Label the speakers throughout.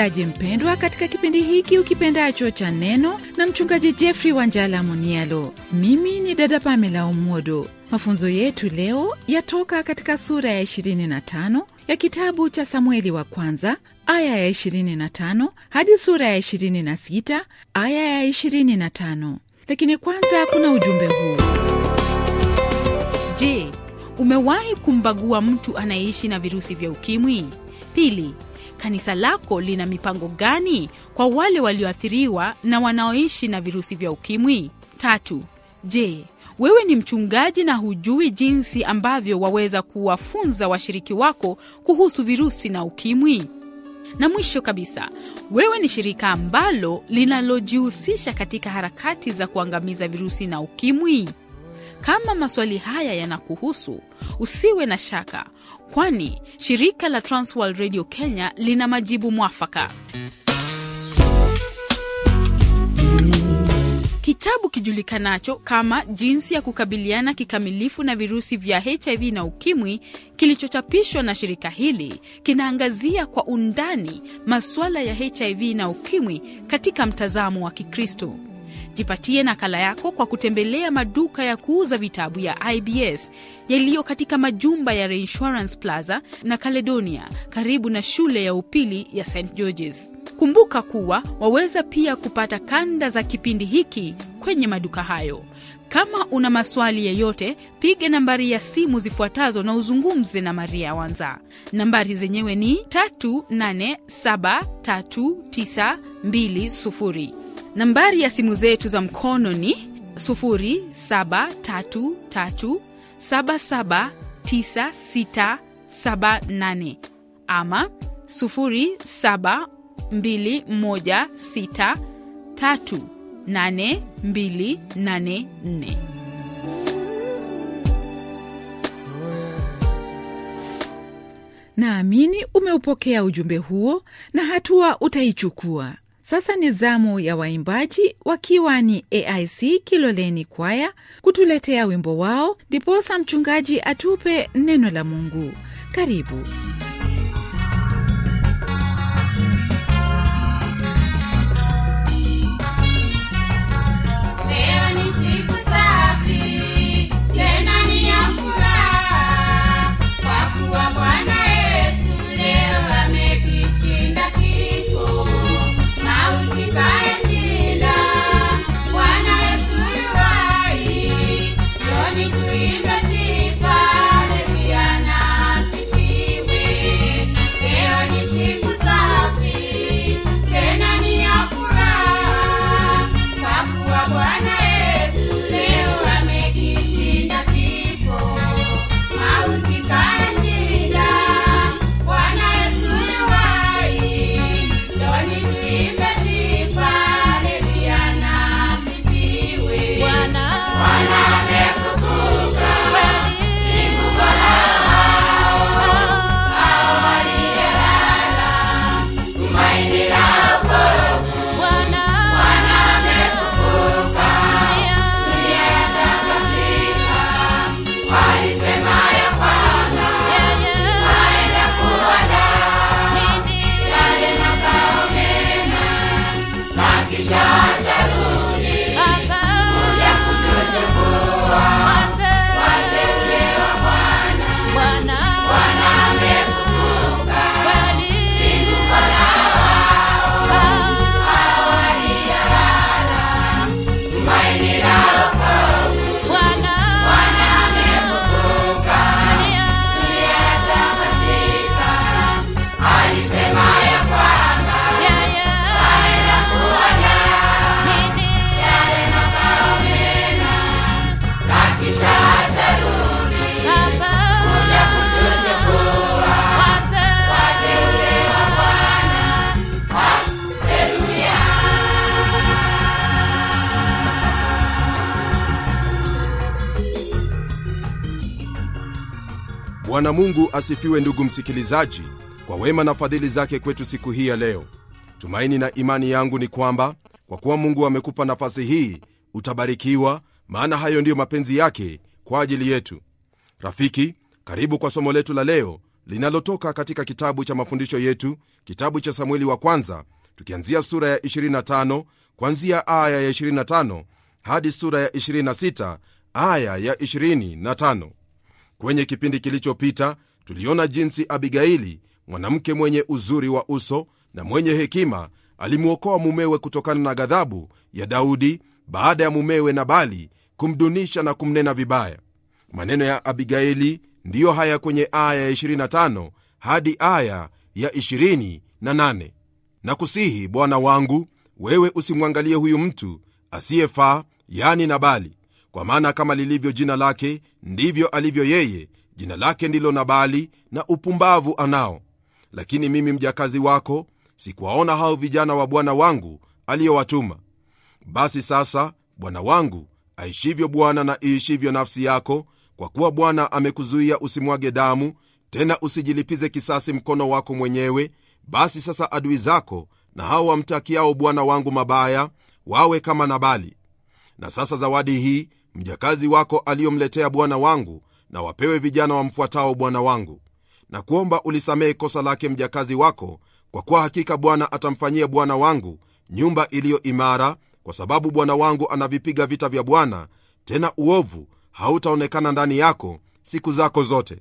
Speaker 1: msikilizaji mpendwa, katika kipindi hiki ukipendacho cha Neno na mchungaji Jeffrey Wanjala Munialo, mimi ni dada Pamela Umodo. Mafunzo yetu leo yatoka katika sura ya 25 ya kitabu cha Samueli wa kwanza aya ya 25 hadi sura ya 26 aya ya 25. Lakini kwanza kuna ujumbe huu.
Speaker 2: Je, umewahi kumbagua mtu anayeishi na virusi vya ukimwi? Pili, Kanisa lako lina mipango gani kwa wale walioathiriwa na wanaoishi na virusi vya ukimwi? Tatu, je, wewe ni mchungaji na hujui jinsi ambavyo waweza kuwafunza washiriki wako kuhusu virusi na ukimwi? Na mwisho kabisa, wewe ni shirika ambalo linalojihusisha katika harakati za kuangamiza virusi na ukimwi? Kama maswali haya yanakuhusu, usiwe na shaka, kwani shirika la Transworld Radio Kenya lina majibu mwafaka. Kitabu kijulikanacho kama Jinsi ya Kukabiliana Kikamilifu na Virusi vya HIV na Ukimwi kilichochapishwa na shirika hili kinaangazia kwa undani masuala ya HIV na ukimwi katika mtazamo wa Kikristo. Jipatie nakala yako kwa kutembelea maduka ya kuuza vitabu ya IBS yaliyo katika majumba ya Reinsurance Plaza na Caledonia karibu na shule ya upili ya St Georges. Kumbuka kuwa waweza pia kupata kanda za kipindi hiki kwenye maduka hayo. Kama una maswali yeyote, piga nambari ya simu zifuatazo na uzungumze na Maria Wanza. Nambari zenyewe ni 38739920. Nambari ya simu zetu za mkono ni 0733779678 ama 0721638284.
Speaker 1: Naamini umeupokea ujumbe huo na hatua utaichukua. Sasa ni zamu ya waimbaji wakiwa ni AIC Kiloleni Kwaya kutuletea wimbo wao, ndiposa mchungaji atupe neno la Mungu. Karibu.
Speaker 3: Bwana Mungu asifiwe, ndugu msikilizaji, kwa wema na fadhili zake kwetu siku hii ya leo. Tumaini na imani yangu ni kwamba kwa kuwa Mungu amekupa nafasi hii utabarikiwa, maana hayo ndiyo mapenzi yake kwa ajili yetu. Rafiki, karibu kwa somo letu la leo linalotoka katika kitabu cha mafundisho yetu, kitabu cha Samueli wa kwanza, tukianzia sura ya 25 kwanzia aya ya 25 hadi sura ya 26 aya ya 25. Kwenye kipindi kilichopita tuliona jinsi Abigaili, mwanamke mwenye uzuri wa uso na mwenye hekima, alimwokoa mumewe kutokana na ghadhabu ya Daudi baada ya mumewe Nabali kumdunisha na kumnena vibaya. Maneno ya Abigaili ndiyo haya kwenye aya ya 25 hadi aya ya 28: Nakusihi bwana wangu, wewe usimwangalie huyu mtu asiyefaa, yani Nabali, kwa maana kama lilivyo jina lake, ndivyo alivyo yeye. Jina lake ndilo Nabali, na upumbavu anao. Lakini mimi mjakazi wako sikuwaona hao vijana wa bwana wangu aliyowatuma. Basi sasa, bwana wangu, aishivyo Bwana na iishivyo nafsi yako, kwa kuwa Bwana amekuzuia usimwage damu, tena usijilipize kisasi mkono wako mwenyewe. Basi sasa, adui zako na hao wamtakiao bwana wangu mabaya wawe kama Nabali. Na sasa zawadi hii mjakazi wako aliyomletea bwana wangu na wapewe vijana wamfuatao bwana wangu na kuomba ulisamehe kosa lake mjakazi wako kwa kuwa hakika bwana atamfanyia bwana wangu nyumba iliyo imara kwa sababu bwana wangu anavipiga vita vya bwana tena uovu hautaonekana ndani yako siku zako zote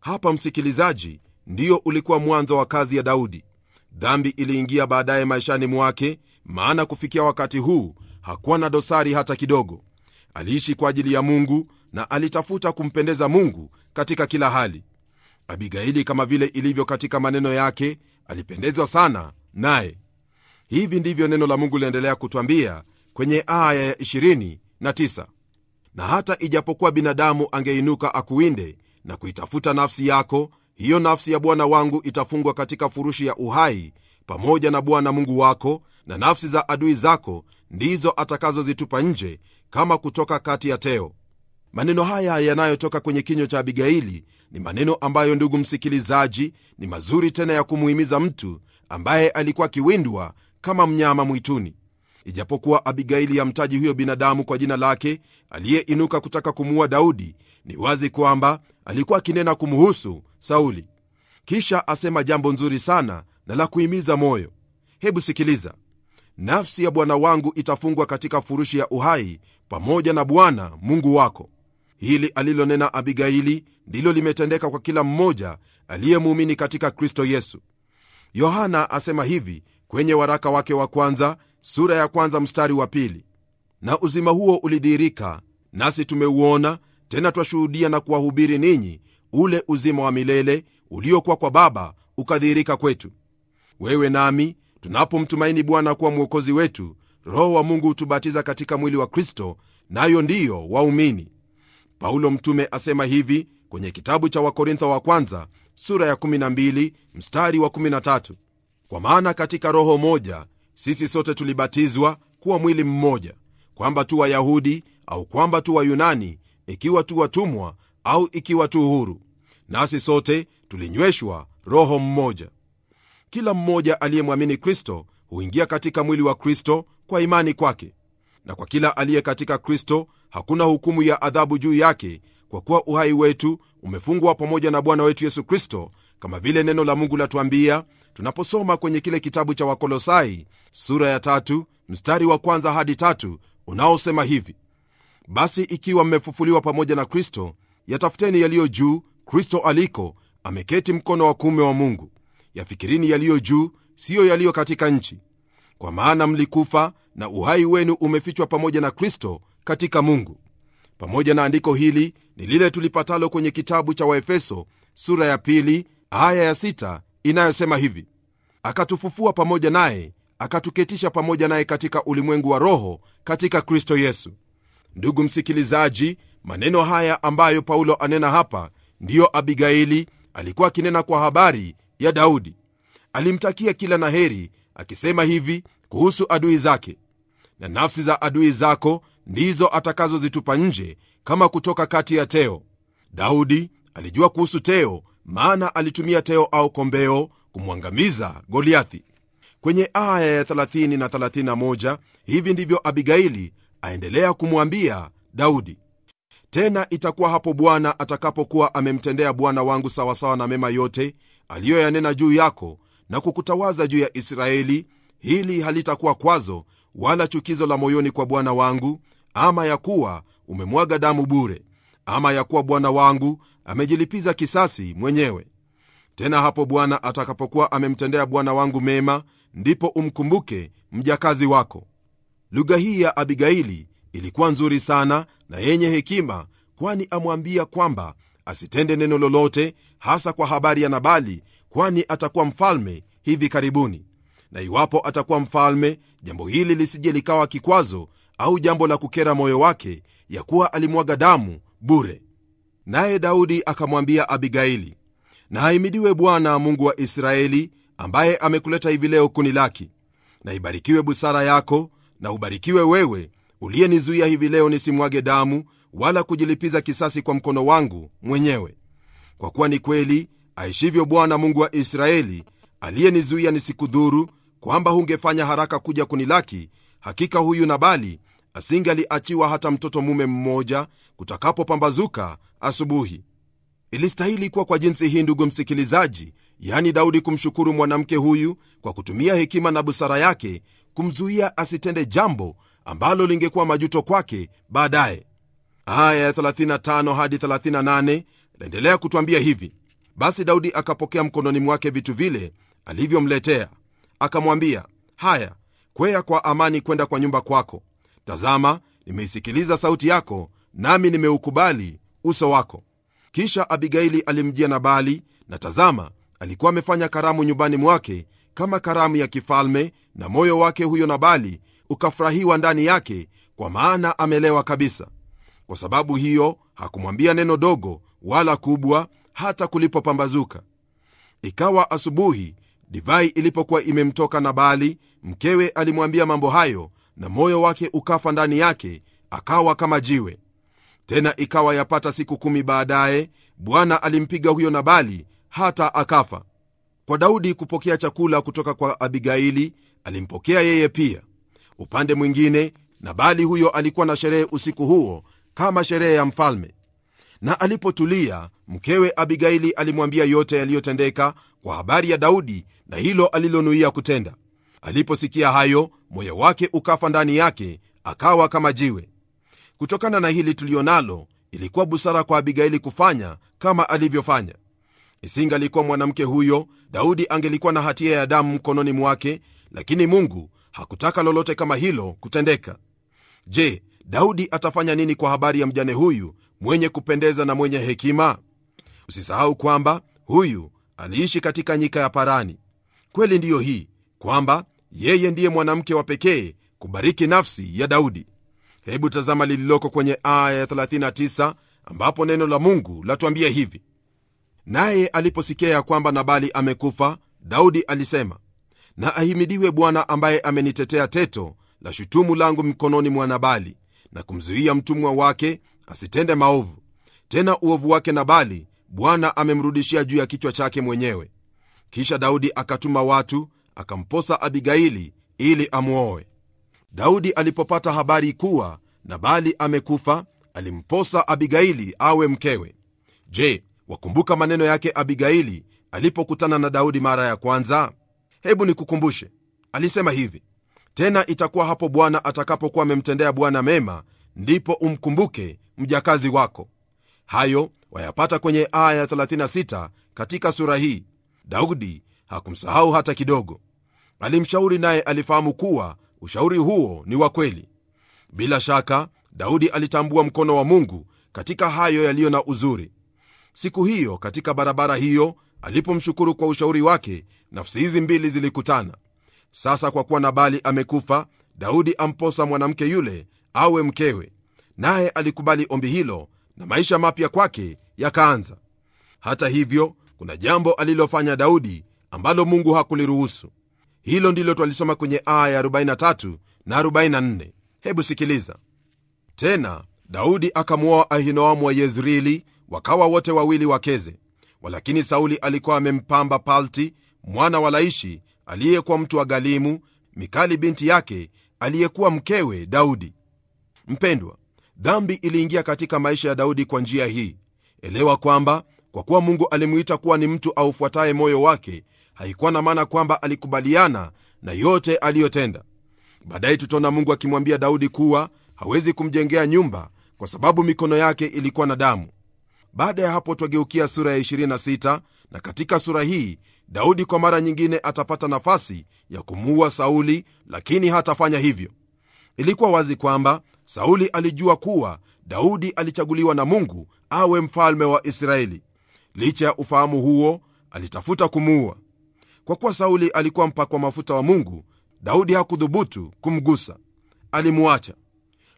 Speaker 3: hapa msikilizaji ndiyo ulikuwa mwanzo wa kazi ya daudi dhambi iliingia baadaye maishani mwake maana kufikia wakati huu hakuwa na dosari hata kidogo aliishi kwa ajili ya mungu na alitafuta kumpendeza mungu katika kila hali abigaili kama vile ilivyo katika maneno yake alipendezwa sana naye hivi ndivyo neno la mungu linaendelea kutwambia kwenye aya ya tisa: na hata ijapokuwa binadamu angeinuka akuinde na kuitafuta nafsi yako hiyo nafsi ya bwana wangu itafungwa katika furushi ya uhai pamoja na bwana mungu wako na nafsi za adui zako ndizo atakazozitupa nje kama kutoka kati ya teo. Maneno haya yanayotoka kwenye kinywa cha Abigaili ni maneno ambayo, ndugu msikilizaji, ni mazuri tena ya kumuhimiza mtu ambaye alikuwa akiwindwa kama mnyama mwituni. Ijapokuwa Abigaili mtaji huyo binadamu kwa jina lake aliyeinuka kutaka kumuua Daudi, ni wazi kwamba alikuwa akinena kumuhusu Sauli. Kisha asema jambo nzuri sana na la kuhimiza moyo. Hebu sikiliza: nafsi ya bwana wangu itafungwa katika furushi ya uhai pamoja na Bwana Mungu wako. Hili alilonena Abigaili ndilo limetendeka kwa kila mmoja aliyemuumini katika Kristo Yesu. Yohana asema hivi kwenye waraka wake wa kwanza sura ya kwanza mstari wa pili, na uzima huo ulidhihirika nasi tumeuona, tena twashuhudia na kuwahubiri ninyi ule uzima wa milele uliokuwa kwa Baba ukadhihirika kwetu. Wewe nami tunapomtumaini Bwana kuwa mwokozi wetu, Roho wa Mungu hutubatiza katika mwili wa Kristo, nayo ndiyo waumini. Paulo mtume asema hivi kwenye kitabu cha Wakorintho wa kwanza sura ya 12 mstari wa 13, kwa maana katika roho moja sisi sote tulibatizwa kuwa mwili mmoja, kwamba tu Wayahudi au kwamba tu Wayunani, ikiwa tu watumwa au ikiwa tu huru, nasi sote tulinyweshwa roho mmoja. Kila mmoja aliyemwamini Kristo huingia katika mwili wa Kristo kwa imani kwake, na kwa kila aliye katika Kristo hakuna hukumu ya adhabu juu yake, kwa kuwa uhai wetu umefungwa pamoja na Bwana wetu Yesu Kristo, kama vile neno la Mungu latuambia tunaposoma kwenye kile kitabu cha Wakolosai sura ya tatu mstari wa kwanza hadi tatu unaosema hivi: basi ikiwa mmefufuliwa pamoja na Kristo, yatafuteni yaliyo juu, Kristo aliko ameketi mkono wa kuume wa Mungu. Yafikirini yaliyo juu, siyo yaliyo katika nchi, kwa maana mlikufa, na uhai wenu umefichwa pamoja na Kristo katika Mungu. Pamoja na andiko hili ni lile tulipatalo kwenye kitabu cha Waefeso sura ya pili aya ya sita inayosema hivi: akatufufua pamoja naye akatuketisha pamoja naye katika ulimwengu wa roho katika Kristo Yesu. Ndugu msikilizaji, maneno haya ambayo Paulo anena hapa ndiyo Abigaili alikuwa akinena kwa habari ya Daudi. Alimtakia kila na heri akisema hivi kuhusu adui zake, na nafsi za adui zako ndizo atakazozitupa nje kama kutoka kati ya teo. Daudi alijua kuhusu teo, maana alitumia teo au kombeo kumwangamiza Goliathi. Kwenye aya ya 30 na 31, hivi ndivyo Abigaili aendelea kumwambia Daudi: tena itakuwa hapo Bwana atakapokuwa amemtendea bwana wangu sawasawa na mema yote aliyoyanena juu yako na kukutawaza juu ya Israeli hili halitakuwa kwazo wala chukizo la moyoni kwa bwana wangu ama ya kuwa umemwaga damu bure ama ya kuwa bwana wangu amejilipiza kisasi mwenyewe tena hapo bwana atakapokuwa amemtendea bwana wangu mema ndipo umkumbuke mjakazi wako lugha hii ya abigaili ilikuwa nzuri sana na yenye hekima kwani amwambia kwamba asitende neno lolote hasa kwa habari ya nabali kwani atakuwa mfalme hivi karibuni na iwapo atakuwa mfalme, jambo hili lisije likawa kikwazo au jambo la kukera moyo wake, ya kuwa alimwaga damu bure. Naye Daudi akamwambia Abigaili, na Bwana Mungu wa Israeli ambaye amekuleta hivi leo kunilaki. Na ibarikiwe busara yako, na ubarikiwe wewe uliyenizuia hivi leo nisimwage damu wala kujilipiza kisasi kwa mkono wangu mwenyewe, kwa kuwa ni kweli aishivyo Bwana Mungu wa Israeli aliyenizuia nisikudhuru kwamba hungefanya haraka kuja kunilaki, hakika huyu Nabali asingaliachiwa hata mtoto mume mmoja kutakapopambazuka asubuhi. Ilistahili kuwa kwa jinsi hii, ndugu msikilizaji, yani Daudi kumshukuru mwanamke huyu kwa kutumia hekima na busara yake kumzuia asitende jambo ambalo lingekuwa majuto kwake baadaye. Aya ya 35 hadi 38 kutwambia hivi: basi Daudi akapokea mkononi mwake vitu vile alivyomletea, akamwambia, haya, kwea kwa amani kwenda kwa nyumba kwako. Tazama, nimeisikiliza sauti yako, nami nimeukubali uso wako. Kisha Abigaili alimjia Nabali, na tazama, alikuwa amefanya karamu nyumbani mwake kama karamu ya kifalme, na moyo wake huyo Nabali ukafurahiwa ndani yake, kwa maana amelewa kabisa. Kwa sababu hiyo hakumwambia neno dogo wala kubwa, hata kulipopambazuka. Ikawa asubuhi, divai ilipokuwa imemtoka nabali mkewe alimwambia mambo hayo na moyo wake ukafa ndani yake akawa kama jiwe tena ikawa yapata siku kumi baadaye bwana alimpiga huyo nabali hata akafa kwa daudi kupokea chakula kutoka kwa abigaili alimpokea yeye pia upande mwingine nabali huyo alikuwa na sherehe usiku huo kama sherehe ya mfalme na alipotulia Mkewe Abigaili alimwambia yote yaliyotendeka kwa habari ya Daudi na hilo alilonuia kutenda. Aliposikia hayo, moyo wake ukafa ndani yake, akawa kama jiwe. Kutokana na hili tulionalo, ilikuwa busara kwa Abigaili kufanya kama alivyofanya. Isinga alikuwa mwanamke huyo, Daudi angelikuwa na hatia ya damu mkononi mwake, lakini Mungu hakutaka lolote kama hilo kutendeka. Je, Daudi atafanya nini kwa habari ya mjane huyu mwenye kupendeza na mwenye hekima? usisahau kwamba huyu aliishi katika nyika ya Parani. Kweli ndiyo hii kwamba yeye ndiye mwanamke wa pekee kubariki nafsi ya Daudi. Hebu tazama lililoko kwenye aya ya 39 ambapo neno la Mungu latuambia hivi: naye aliposikia ya kwamba Nabali amekufa, Daudi alisema, na ahimidiwe Bwana ambaye amenitetea teto la shutumu langu mkononi mwa Nabali na kumzuia mtumwa wake asitende maovu. Tena uovu wake Nabali bwana amemrudishia juu ya kichwa chake mwenyewe kisha daudi akatuma watu akamposa abigaili ili amwoe daudi alipopata habari kuwa nabali amekufa alimposa abigaili awe mkewe je wakumbuka maneno yake abigaili alipokutana na daudi mara ya kwanza hebu nikukumbushe alisema hivi tena itakuwa hapo bwana atakapokuwa amemtendea bwana mema ndipo umkumbuke mjakazi wako hayo wayapata kwenye aya 36 katika sura hii daudi hakumsahau hata kidogo alimshauri naye alifahamu kuwa ushauri huo ni wa kweli bila shaka daudi alitambua mkono wa mungu katika hayo yaliyo na uzuri siku hiyo katika barabara hiyo alipomshukuru kwa ushauri wake nafsi hizi mbili zilikutana sasa kwa kuwa nabali amekufa daudi amposa mwanamke yule awe mkewe naye alikubali ombi hilo na maisha mapya kwake yakaanza. Hata hivyo, kuna jambo alilofanya Daudi ambalo Mungu hakuliruhusu. Hilo ndilo twalisoma kwenye aya ya 43 na 44. Hebu sikiliza tena. Daudi akamwoa Ahinoamu wa Yezrili, wakawa wote wawili wakeze. Walakini Sauli alikuwa amempamba Palti mwana wa Laishi aliyekuwa mtu wa Galimu, Mikali binti yake aliyekuwa mkewe Daudi. Mpendwa, Dhambi iliingia katika maisha ya Daudi kwa njia hii. Elewa kwamba kwa kuwa Mungu alimuita kuwa ni mtu aufuataye moyo wake, haikuwa na maana kwamba alikubaliana na yote aliyotenda. Baadaye tutaona Mungu akimwambia Daudi kuwa hawezi kumjengea nyumba kwa sababu mikono yake ilikuwa na damu. Baada ya hapo, twageukia sura ya 26 na katika sura hii Daudi kwa mara nyingine atapata nafasi ya kumuua Sauli, lakini hatafanya hivyo. Ilikuwa wazi kwamba sauli alijua kuwa daudi alichaguliwa na mungu awe mfalme wa israeli licha ya ufahamu huo alitafuta kumuua kwa kuwa sauli alikuwa mpakwa mafuta wa mungu daudi hakudhubutu kumgusa alimuacha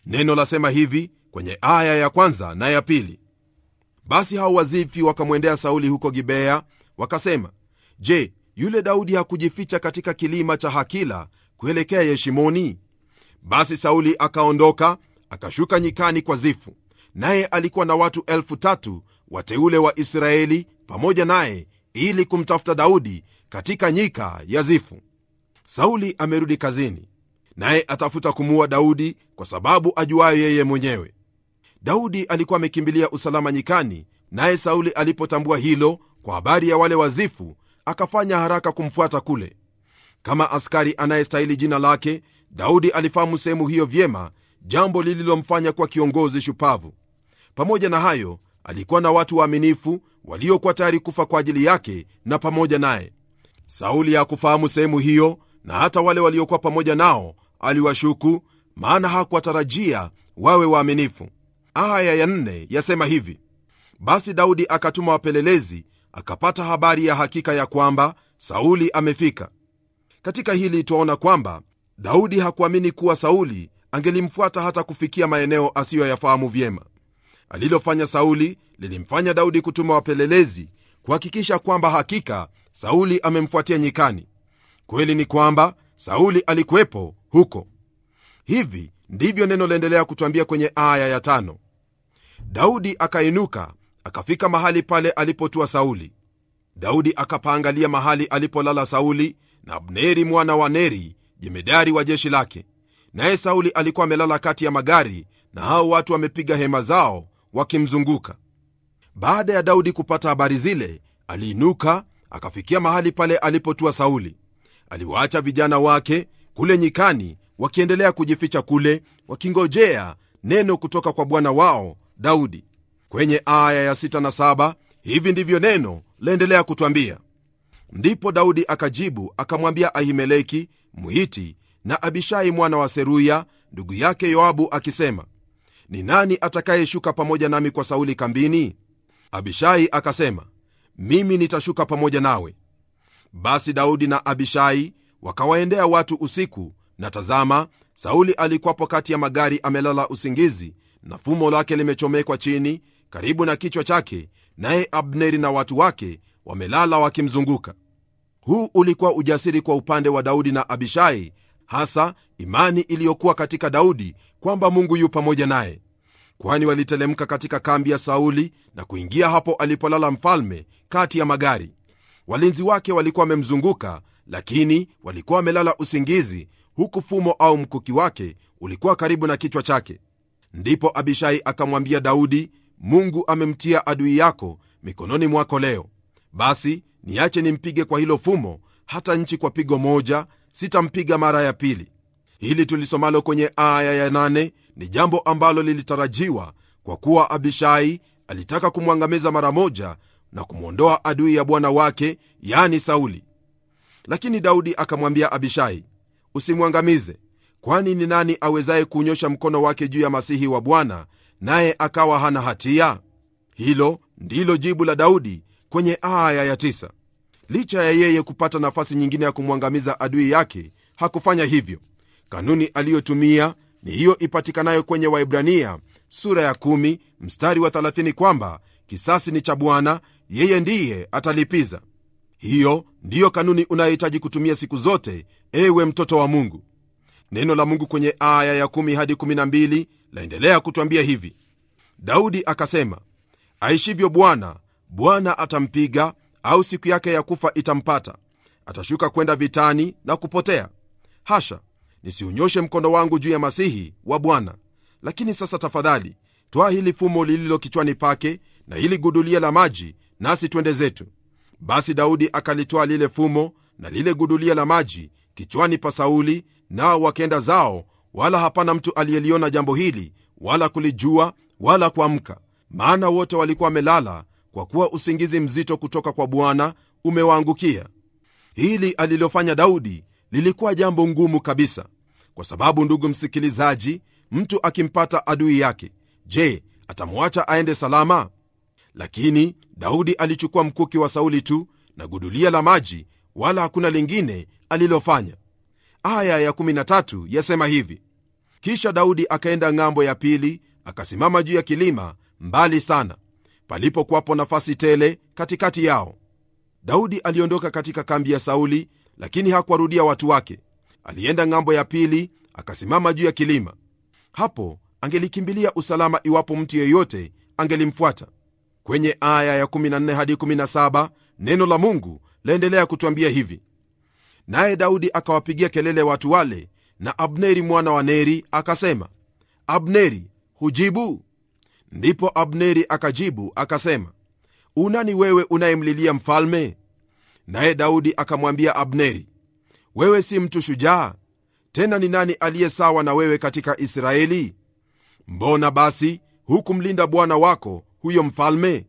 Speaker 3: neno lasema hivi kwenye aya ya kwanza na ya pili basi hao wazifi wakamwendea sauli huko gibea wakasema je yule daudi hakujificha katika kilima cha hakila kuelekea yeshimoni basi sauli akaondoka akashuka nyikani kwa zifu naye alikuwa na watu elfu tatu wateule wa israeli pamoja naye ili kumtafuta daudi katika nyika ya zifu sauli amerudi kazini naye atafuta kumuua daudi kwa sababu ajuayo yeye mwenyewe daudi alikuwa amekimbilia usalama nyikani naye sauli alipotambua hilo kwa habari ya wale wazifu akafanya haraka kumfuata kule kama askari anayestahili jina lake Daudi alifahamu sehemu hiyo vyema, jambo lililomfanya kuwa kiongozi shupavu. Pamoja na hayo, alikuwa na watu waaminifu waliokuwa tayari kufa kwa ajili yake na pamoja naye. Sauli hakufahamu sehemu hiyo, na hata wale waliokuwa pamoja nao aliwashuku, maana hakuwatarajia wawe waaminifu. Aya ya nne yasema hivi: basi Daudi akatuma wapelelezi, akapata habari ya hakika ya kwamba Sauli amefika. Katika hili twaona kwamba daudi hakuamini kuwa sauli angelimfuata hata kufikia maeneo asiyoyafahamu vyema alilofanya sauli lilimfanya daudi kutuma wapelelezi kuhakikisha kwamba hakika sauli amemfuatia nyikani kweli ni kwamba sauli alikuwepo huko hivi ndivyo neno laendelea kutwambia kwenye aya ya tano daudi akainuka akafika mahali pale alipotua sauli daudi akapaangalia mahali alipolala sauli na abneri mwana wa neri jemedari wa jeshi lake. Naye Sauli alikuwa amelala kati ya magari, na hao watu wamepiga hema zao wakimzunguka. Baada ya Daudi kupata habari zile, aliinuka akafikia mahali pale alipotua Sauli. Aliwaacha vijana wake kule nyikani, wakiendelea kujificha kule, wakingojea neno kutoka kwa bwana wao Daudi. Kwenye aya ya sita na saba hivi ndivyo neno laendelea kutwambia: ndipo Daudi akajibu akamwambia Ahimeleki Mhiti na Abishai mwana wa Seruya ndugu yake Yoabu akisema, ni nani atakayeshuka pamoja nami kwa Sauli kambini? Abishai akasema, mimi nitashuka pamoja nawe. Basi Daudi na Abishai wakawaendea watu usiku, na tazama, Sauli alikuwapo kati ya magari amelala usingizi, na fumo lake limechomekwa chini karibu na kichwa chake, naye Abneri na watu wake wamelala wakimzunguka. Huu ulikuwa ujasiri kwa upande wa Daudi na Abishai, hasa imani iliyokuwa katika Daudi kwamba Mungu yu pamoja naye, kwani walitelemka katika kambi ya Sauli na kuingia hapo alipolala mfalme kati ya magari. Walinzi wake walikuwa wamemzunguka, lakini walikuwa wamelala usingizi, huku fumo au mkuki wake ulikuwa karibu na kichwa chake. Ndipo Abishai akamwambia Daudi, Mungu amemtia adui yako mikononi mwako leo. Basi niache nimpige kwa hilo fumo hata nchi kwa pigo moja, sitampiga mara ya pili. Hili tulisomalo kwenye aya ya nane ni jambo ambalo lilitarajiwa kwa kuwa Abishai alitaka kumwangamiza mara moja na kumwondoa adui ya bwana wake, yani Sauli. Lakini Daudi akamwambia Abishai, usimwangamize, kwani ni nani awezaye kunyosha mkono wake juu ya masihi wa Bwana naye akawa hana hatia? Hilo ndilo jibu la Daudi kwenye aya ya tisa. Licha ya yeye kupata nafasi nyingine ya kumwangamiza adui yake, hakufanya hivyo. Kanuni aliyotumia ni hiyo ipatikanayo kwenye Waibrania sura ya kumi mstari wa thelathini kwamba kisasi ni cha Bwana, yeye ndiye atalipiza. Hiyo ndiyo kanuni unayohitaji kutumia siku zote, ewe mtoto wa Mungu. Neno la Mungu kwenye aya ya kumi hadi kumi na mbili laendelea kutwambia hivi: Daudi akasema, aishivyo Bwana, Bwana atampiga au siku yake ya kufa itampata, atashuka kwenda vitani na kupotea. Hasha, nisiunyoshe mkono wangu juu ya masihi wa Bwana. Lakini sasa tafadhali, twaa hili fumo lililo kichwani pake na hili gudulia la maji, nasi twende zetu. Basi Daudi akalitwaa lile fumo na lile gudulia la maji kichwani pa Sauli, nao wakenda zao, wala hapana mtu aliyeliona jambo hili wala kulijua wala kuamka, maana wote walikuwa wamelala kwa kuwa usingizi mzito kutoka kwa Bwana umewaangukia. Hili alilofanya Daudi lilikuwa jambo ngumu kabisa, kwa sababu ndugu msikilizaji, mtu akimpata adui yake, je, atamwacha aende salama? Lakini Daudi alichukua mkuki wa Sauli tu na gudulia la maji, wala hakuna lingine alilofanya. Aya ya 13 yasema hivi: kisha Daudi akaenda ng'ambo ya pili, akasimama juu ya kilima mbali sana, palipokuwapo nafasi tele katikati yao. Daudi aliondoka katika kambi ya Sauli, lakini hakuwarudia watu wake. Alienda ng'ambo ya pili, akasimama juu ya kilima. Hapo angelikimbilia usalama iwapo mtu yeyote angelimfuata. Kwenye aya ya 14 hadi 17 neno la Mungu laendelea kutwambia hivi: naye Daudi akawapigia kelele watu wale, na Abneri mwana wa Neri akasema, Abneri hujibu? ndipo abneri akajibu akasema unani wewe unayemlilia mfalme naye daudi akamwambia abneri wewe si mtu shujaa tena ni nani aliye sawa na wewe katika israeli mbona basi hukumlinda bwana wako huyo mfalme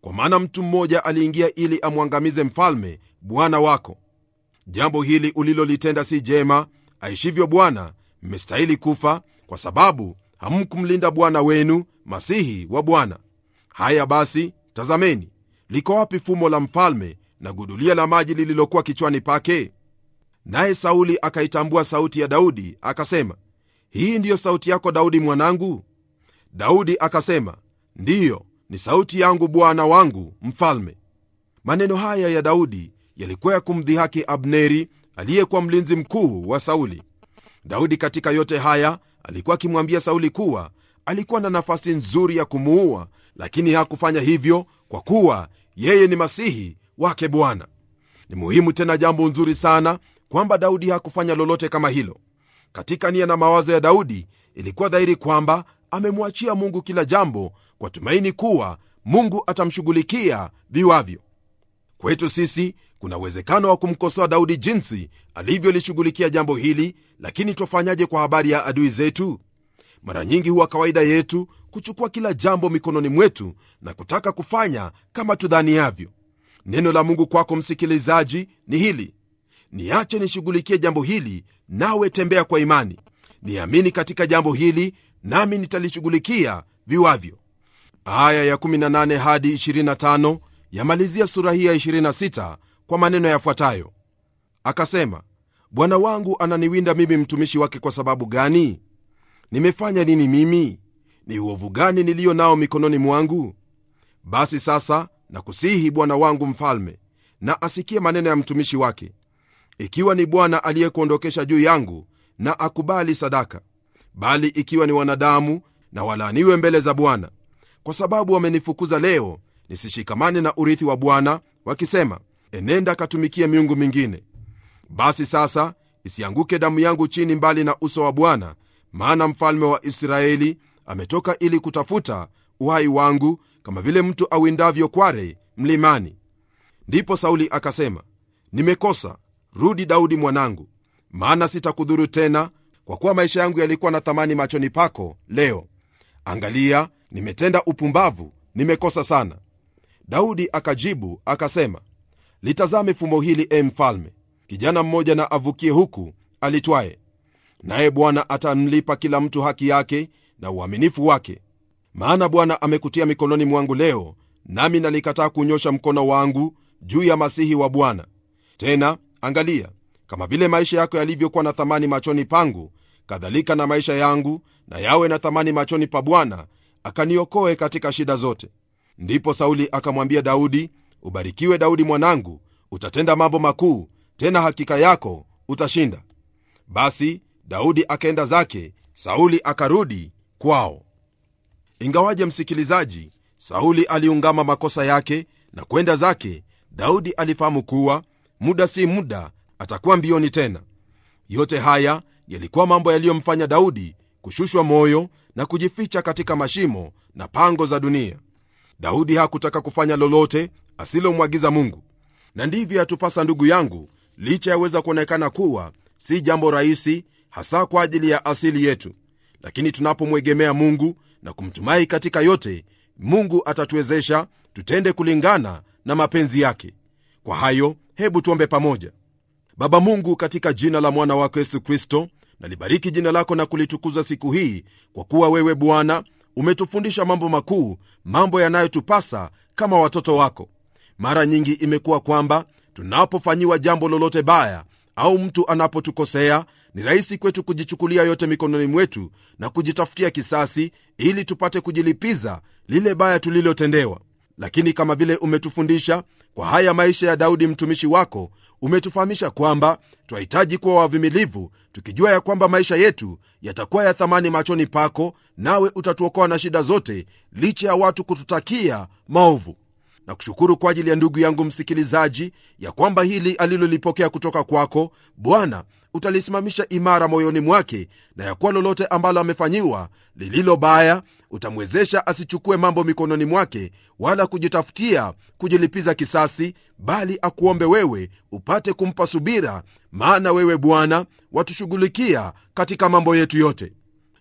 Speaker 3: kwa maana mtu mmoja aliingia ili amwangamize mfalme bwana wako jambo hili ulilolitenda si jema aishivyo bwana mmestahili kufa kwa sababu hamkumlinda bwana wenu masihi wa Bwana. Haya basi, tazameni, liko wapi fumo la mfalme na gudulia la maji lililokuwa kichwani pake? Naye Sauli akaitambua sauti ya Daudi akasema, hii ndiyo sauti yako Daudi mwanangu? Daudi akasema, ndiyo, ni sauti yangu bwana wangu mfalme. Maneno haya ya Daudi yalikuwa ya kumdhihaki Abneri aliyekuwa mlinzi mkuu wa Sauli. Daudi katika yote haya alikuwa akimwambia Sauli kuwa alikuwa na nafasi nzuri ya kumuua lakini hakufanya hivyo kwa kuwa yeye ni masihi wake bwana ni muhimu tena jambo nzuri sana kwamba daudi hakufanya lolote kama hilo katika nia na mawazo ya daudi ilikuwa dhahiri kwamba amemwachia mungu kila jambo kwa tumaini kuwa mungu atamshughulikia viwavyo kwetu sisi kuna uwezekano wa kumkosoa daudi jinsi alivyolishughulikia jambo hili lakini twafanyaje kwa habari ya adui zetu mara nyingi huwa kawaida yetu kuchukua kila jambo mikononi mwetu na kutaka kufanya kama tudhaniavyo neno la mungu kwako msikilizaji ni hili niache nishughulikie jambo hili nawe tembea kwa imani niamini katika jambo hili nami nitalishughulikia viwavyo aya ya18 hadi 25 yamalizia sura hii ya 26 kwa maneno yafuatayo akasema bwana wangu ananiwinda mimi mtumishi wake kwa sababu gani nimefanya nini mimi ni uovu gani niliyo nao mikononi mwangu basi sasa nakusihi bwana wangu mfalme na asikie maneno ya mtumishi wake ikiwa ni bwana aliyekuondokesha juu yangu na akubali sadaka bali ikiwa ni wanadamu na walaaniwe mbele za bwana kwa sababu wamenifukuza leo nisishikamane na urithi wa bwana wakisema enenda katumikie miungu mingine basi sasa isianguke damu yangu chini mbali na uso wa bwana maana mfalme wa israeli ametoka ili kutafuta uhai wangu kama vile mtu awindavyo kware mlimani ndipo sauli akasema nimekosa rudi daudi mwanangu maana sitakudhuru tena kwa kuwa maisha yangu yalikuwa na thamani machoni pako leo angalia nimetenda upumbavu nimekosa sana daudi akajibu akasema litazame fumo hili e mfalme kijana mmoja na avukie huku alitwaye naye Bwana atamlipa kila mtu haki yake na uaminifu wake. Maana Bwana amekutia mikononi mwangu leo, nami nalikataa kunyosha mkono wangu juu ya masihi wa Bwana. Tena angalia, kama vile maisha yako yalivyokuwa na thamani machoni pangu, kadhalika na maisha yangu na yawe na thamani machoni pa Bwana, akaniokoe katika shida zote. Ndipo Sauli akamwambia Daudi, ubarikiwe Daudi mwanangu, utatenda mambo makuu, tena hakika yako utashinda. Basi daudi akaenda zake sauli akarudi kwao ingawaje msikilizaji sauli aliungama makosa yake na kwenda zake daudi alifahamu kuwa muda si muda atakuwa mbioni tena yote haya yalikuwa mambo yaliyomfanya daudi kushushwa moyo na kujificha katika mashimo na pango za dunia daudi hakutaka kufanya lolote asilomwagiza mungu na ndivyo yatupasa ndugu yangu licha yaweza kuonekana kuwa si jambo rahisi hasa kwa ajili ya asili yetu, lakini tunapomwegemea Mungu na kumtumai katika yote, Mungu atatuwezesha tutende kulingana na mapenzi yake. Kwa hayo, hebu tuombe pamoja. Baba Mungu, katika jina la mwana wako Yesu Kristo, nalibariki jina lako na kulitukuza siku hii, kwa kuwa wewe Bwana umetufundisha mambo makuu, mambo yanayotupasa kama watoto wako. Mara nyingi imekuwa kwamba tunapofanyiwa jambo lolote baya au mtu anapotukosea ni rahisi kwetu kujichukulia yote mikononi mwetu na kujitafutia kisasi ili tupate kujilipiza lile baya tulilotendewa lakini kama vile umetufundisha kwa haya maisha ya daudi mtumishi wako umetufahamisha kwamba twahitaji kuwa wavimilivu tukijua ya kwamba maisha yetu yatakuwa ya thamani machoni pako nawe utatuokoa na shida zote licha ya watu kututakia maovu na kushukuru kwa ajili ya ndugu yangu msikilizaji ya kwamba hili alilolipokea kutoka kwako bwana utalisimamisha imara moyoni mwake na ya kuwa lolote ambalo amefanyiwa lililo baya utamwezesha asichukue mambo mikononi mwake wala kujitafutia kujilipiza kisasi bali akuombe wewe upate kumpa subira maana wewe bwana watushughulikia katika mambo yetu yote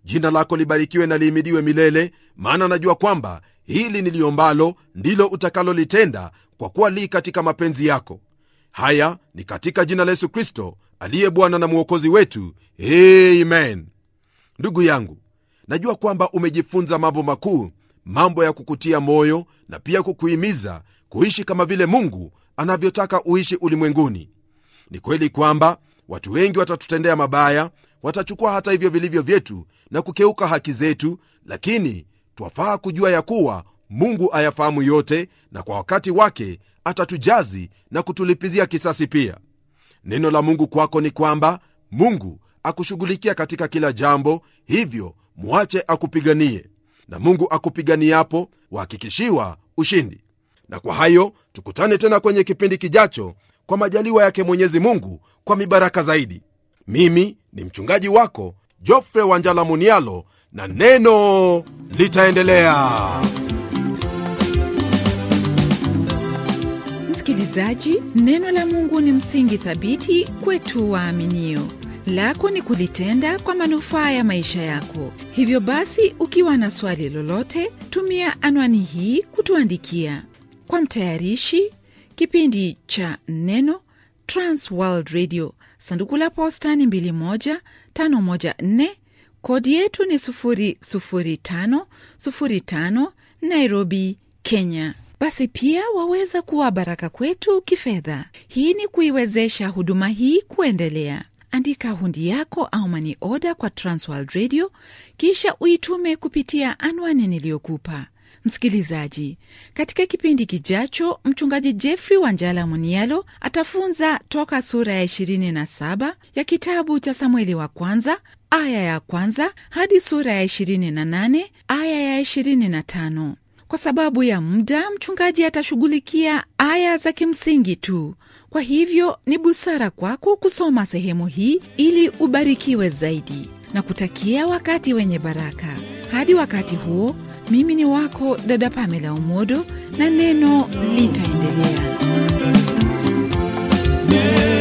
Speaker 3: jina lako libarikiwe na liimidiwe milele maana najua kwamba hili niliombalo ndilo utakalolitenda kwa kuwa li katika mapenzi yako haya ni katika jina la yesu kristo aliye bwana na mwokozi wetu men ndugu yangu najua kwamba umejifunza mambo makuu mambo ya kukutia moyo na pia kukuhimiza kuishi kama vile mungu anavyotaka uishi ulimwenguni ni kweli kwamba watu wengi watatutendea mabaya watachukua hata hivyo vilivyo vyetu na kukeuka haki zetu lakini twafaa kujua ya kuwa mungu ayafahamu yote na kwa wakati wake atatujazi na kutulipizia kisasi pia neno la mungu kwako ni kwamba mungu akushughulikia katika kila jambo hivyo mwache akupiganie na mungu akupiganiapo wahakikishiwa ushindi na kwa hayo tukutane tena kwenye kipindi kijacho kwa majaliwa yake mwenyezi mungu kwa mibaraka zaidi mimi ni mchungaji wako Jofre Wanjala Munialo, na neno litaendelea.
Speaker 1: Msikilizaji, neno la Mungu ni msingi thabiti kwetu waaminio lako ni kulitenda kwa manufaa ya maisha yako. Hivyo basi, ukiwa na swali lolote, tumia anwani hii kutuandikia. Kwa mtayarishi kipindi cha Neno, Transworld Radio, sanduku la posta ni 514 kodi yetu ni 55 Nairobi, Kenya. Basi pia waweza kuwa baraka kwetu kifedha. Hii ni kuiwezesha huduma hii kuendelea. Andika hundi yako au mani oda kwa Transworld Radio, kisha uitume kupitia anwani niliyokupa. Msikilizaji, katika kipindi kijacho, mchungaji Jeffrey Wanjala Munialo atafunza toka sura ya 27 ya kitabu cha Samueli wa kwanza aya ya kwanza hadi sura ya 28 aya ya 25. Kwa sababu ya muda, mchungaji atashughulikia aya za kimsingi tu. Kwa hivyo ni busara kwako kusoma sehemu hii ili ubarikiwe zaidi, na kutakia wakati wenye baraka. Hadi wakati huo mimi ni wako dada Pamela Umodo na neno litaendelea.